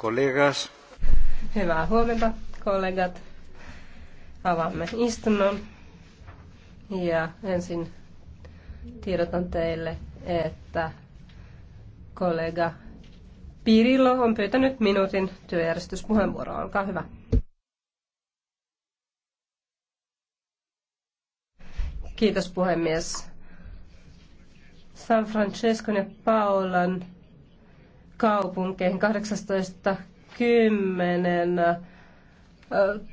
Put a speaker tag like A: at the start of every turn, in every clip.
A: kollegas. Hyvää huomenta, kollegat. Avaamme istunnon. Ja ensin tiedotan teille, että kollega Pirillo on pyytänyt minuutin työjärjestyspuheenvuoroa. Olkaa hyvä. Kiitos puhemies. San Franciscon ja Paolan kaupunkeihin 18.10.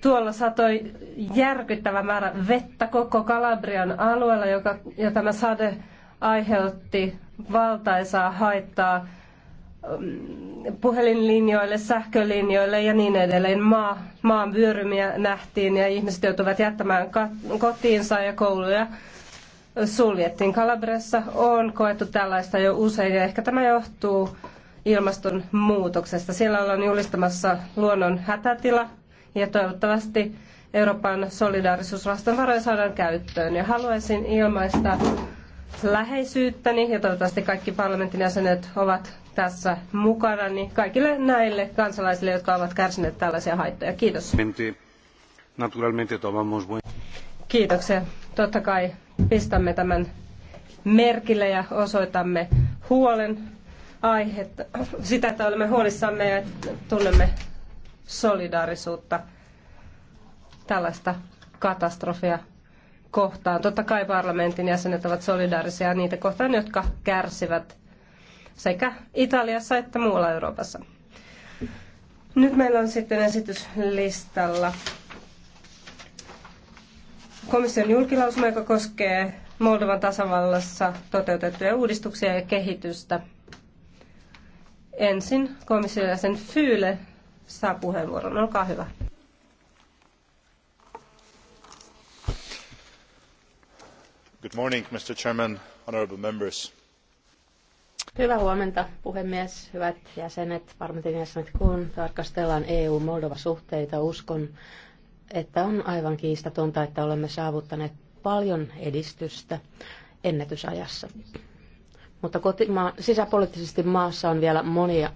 A: Tuolla satoi järkyttävä määrä vettä koko Kalabrian alueella, joka, ja tämä sade aiheutti valtaisaa haittaa mm, puhelinlinjoille, sähkölinjoille ja niin edelleen. Maa, maan vyörymiä nähtiin ja ihmiset joutuivat jättämään kotiinsa ja kouluja suljettiin. Kalabressa on koettu tällaista jo usein ja ehkä tämä johtuu ilmastonmuutoksesta. Siellä ollaan julistamassa luonnon hätätila ja toivottavasti Euroopan solidaarisuusrahaston varoja saadaan käyttöön. Ja haluaisin ilmaista läheisyyttäni ja toivottavasti kaikki parlamentin jäsenet ovat tässä mukana, niin kaikille näille kansalaisille, jotka ovat kärsineet tällaisia haittoja. Kiitos. Kiitoksia. Totta kai pistämme tämän merkille ja osoitamme huolen aihetta, sitä, että olemme huolissamme ja tunnemme solidaarisuutta tällaista katastrofia kohtaan. Totta kai parlamentin jäsenet ovat solidaarisia niitä kohtaan, jotka kärsivät sekä Italiassa että muualla Euroopassa. Nyt meillä on sitten esityslistalla komission julkilausuma, joka koskee Moldovan tasavallassa toteutettuja uudistuksia ja kehitystä – Ensin komission jäsen Fyyle saa puheenvuoron. Olkaa hyvä. Good morning, Mr. Chairman, honorable members. Hyvää huomenta, puhemies, hyvät jäsenet, parlamentin jäsenet. Kun tarkastellaan EU-Moldova-suhteita, uskon, että on aivan kiistatonta, että olemme saavuttaneet paljon edistystä ennätysajassa. Mutta kotima- sisäpoliittisesti maassa on vielä monia